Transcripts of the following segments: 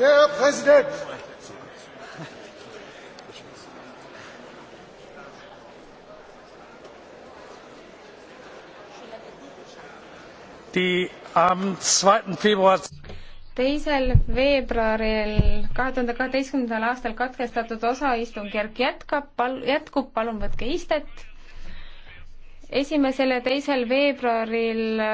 Der Präsident! teisel veebruaril kahe tuhande kaheteistkümnendal aastal katkestatud osaistungjärk jätkab, pal-, jätkub, palun võtke istet. esimesel ja teisel veebruaril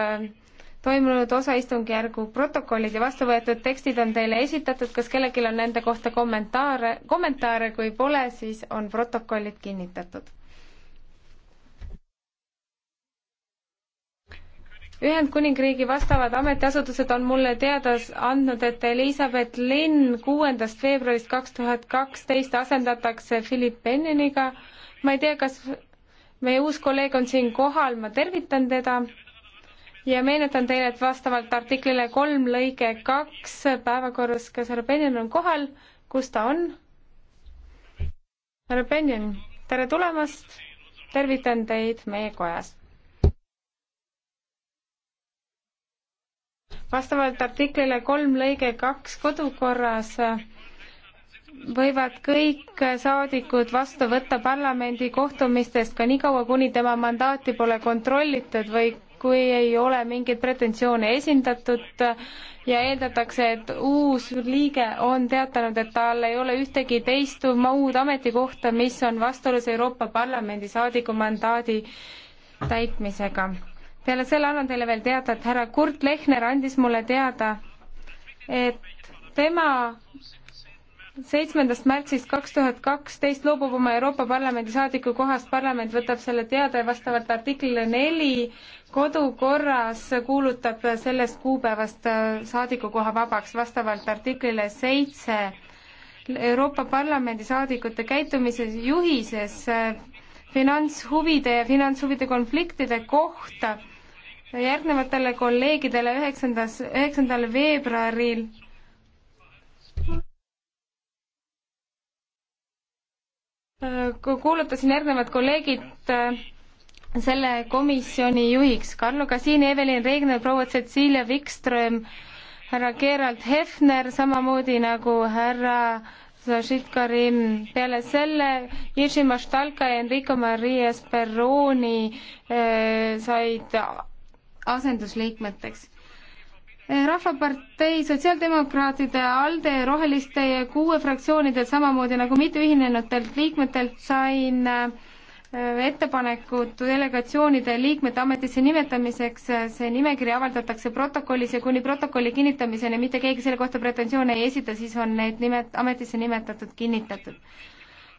toimunud osaistungjärgu protokollid ja vastu võetud tekstid on teile esitatud, kas kellelgi on nende kohta kommentaare, kommentaare, kui pole, siis on protokollid kinnitatud. Ühendkuningriigi vastavad ametiasutused on mulle teada andnud, et Elizabeth Lynn kuuendast veebruarist kaks tuhat kaksteist asendatakse Philip Bennioniga. ma ei tea, kas meie uus kolleeg on siin kohal, ma tervitan teda ja meenutan teile, et vastavalt artiklile kolm lõige kaks päevakorras, kas härra Benjamin on kohal, kus ta on? härra Benjamin, tere tulemast, tervitan teid meie kojas vastavalt artiklile kolm lõige kaks kodukorras võivad kõik saadikud vastu võtta parlamendi kohtumistest ka niikaua, kuni tema mandaati pole kontrollitud või kui ei ole mingeid pretensioone esindatud ja eeldatakse, et uus liige on teatanud, et tal ei ole ühtegi teist muud ametikohta, mis on vastuolus Euroopa Parlamendi saadiku mandaadi täitmisega. peale selle annan teile veel teada, et härra Kurt Lehner andis mulle teada, et tema seitsmendast märtsist kaks tuhat kaksteist loobub oma Euroopa Parlamendi saadiku kohast, parlament võtab selle teada ja vastavalt artiklile neli kodukorras kuulutab sellest kuupäevast äh, saadikukoha vabaks, vastavalt artiklile seitse Euroopa Parlamendi saadikute käitumise juhises äh, finantshuvide ja finantshuvide konfliktide kohta järgnevatele kolleegidele üheksandas, üheksandal veebruaril kui kuulutasin järgnevad kolleegid äh, selle komisjoni juhiks, Carlo Kasiini, Evelyn Regner, proua Cecilia Wikström, härra Gerald Hefner, samamoodi nagu härra Zažit Karim, peale selle Jiri Maštalka ja Enrico Maria Speroni äh, said asendusliikmeteks Eh, Rahvapartei, Sotsiaaldemokraatide, ALDE, Roheliste ja kuue fraktsioonidelt, samamoodi nagu mitteühinenutelt liikmetelt sain eh, ettepanekud delegatsioonide liikmete ametisse nimetamiseks, eh, see nimekiri avaldatakse protokollis ja kuni protokolli kinnitamiseni mitte keegi selle kohta pretensioone ei esita, siis on need nimet-, ametisse nimetatud kinnitatud.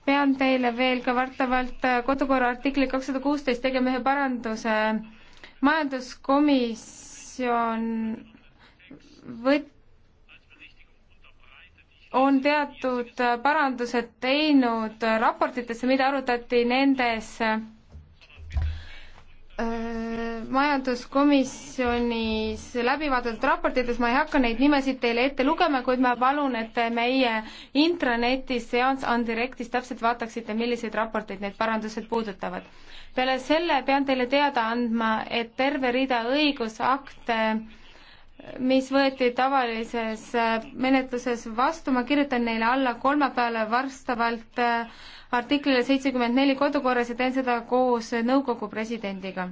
pean teile veel ka vastavalt kodukorra artikli kakssada kuusteist tegema ühe paranduse majanduskomisjon võt-, on teatud parandused teinud raportitesse, mida arutati nendes äh, majanduskomisjonis läbi vaadatud raportites, ma ei hakka neid nimesid teile ette lugema, kuid ma palun, et te meie intranetis, Seance on Directis täpselt vaataksite, milliseid raporteid need parandused puudutavad. peale selle pean teile teada andma, et terve rida õigusakte äh, mis võeti tavalises äh, menetluses vastu, ma kirjutan neile alla kolmapäevale vastavalt äh, artiklile seitsekümmend neli kodukorras ja teen seda koos nõukogu presidendiga.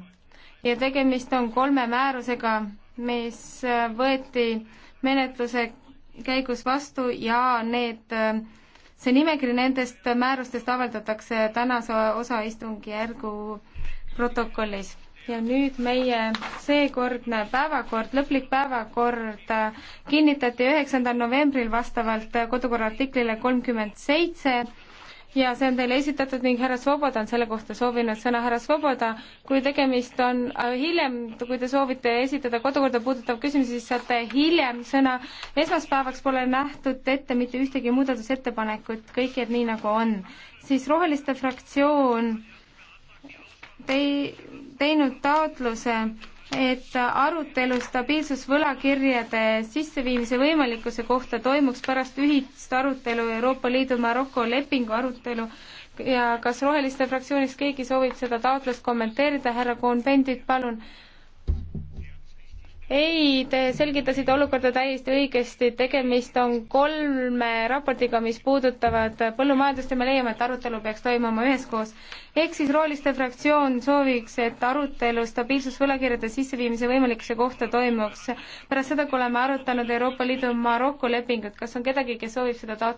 ja tegemist on kolme määrusega, mis äh, võeti menetluse käigus vastu ja need, see nimekiri nendest määrustest avaldatakse tänase osaistungjärgu protokollis ja nüüd meie seekordne päevakord, lõplik päevakord äh, kinnitati üheksandal novembril vastavalt äh, kodukorra artiklile kolmkümmend seitse ja see on teile esitatud ning härra Svoboda on selle kohta soovinud sõna. härra Svoboda, kui tegemist on äh, hiljem, kui te soovite esitada kodukorda puudutav küsimus, siis saate hiljem sõna. esmaspäevaks pole nähtud ette mitte ühtegi muudatusettepanekut, kõik jääb nii, nagu on. siis Roheliste fraktsioon teinud taotluse, et arutelu stabiilsusvõlakirjade sisseviimise võimalikkuse kohta toimuks pärast ühist arutelu Euroopa Liidu Maroko lepingu arutelu ja kas Roheliste fraktsioonist keegi soovib seda taotlust kommenteerida, härra Kohn-Pendit, palun ei, te selgitasite olukorda täiesti õigesti, tegemist on kolme raportiga, mis puudutavad põllumajandust ja me leiame, et arutelu peaks toimuma üheskoos. ehk siis Rooliste fraktsioon sooviks, et arutelu stabiilsusvõlakirjade sisseviimise võimalikkuse kohta toimuks pärast seda, kui oleme arutanud Euroopa Liidu Maroko lepingut. kas on kedagi, kes soovib seda taotleda?